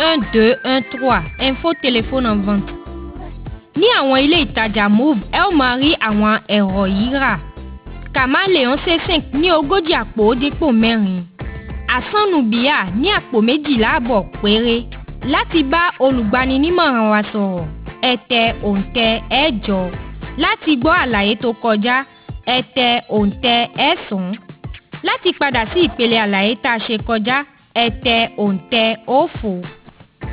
1213 info téléphone en vente. Ní àwọn ilé ìtajà Move ẹ ó máa rí àwọn ẹ̀rọ yìí rà. Kamaleon C5 ní ogójì àpò dípò mẹ́rin. Àsánubíà ní àpò méjìlá àbọ̀ péré. Láti bá olùgbaninímọ̀ràn wa sọ̀rọ̀ ẹ tẹ òǹtẹ̀ ẹ̀jọ láti gbọ́ àlàyé tó kọjá ẹ tẹ òǹtẹ̀ ẹ̀sán láti padà sí ìpele àlàyé tá a ṣe kọjá ẹ tẹ òǹtẹ̀ òfo.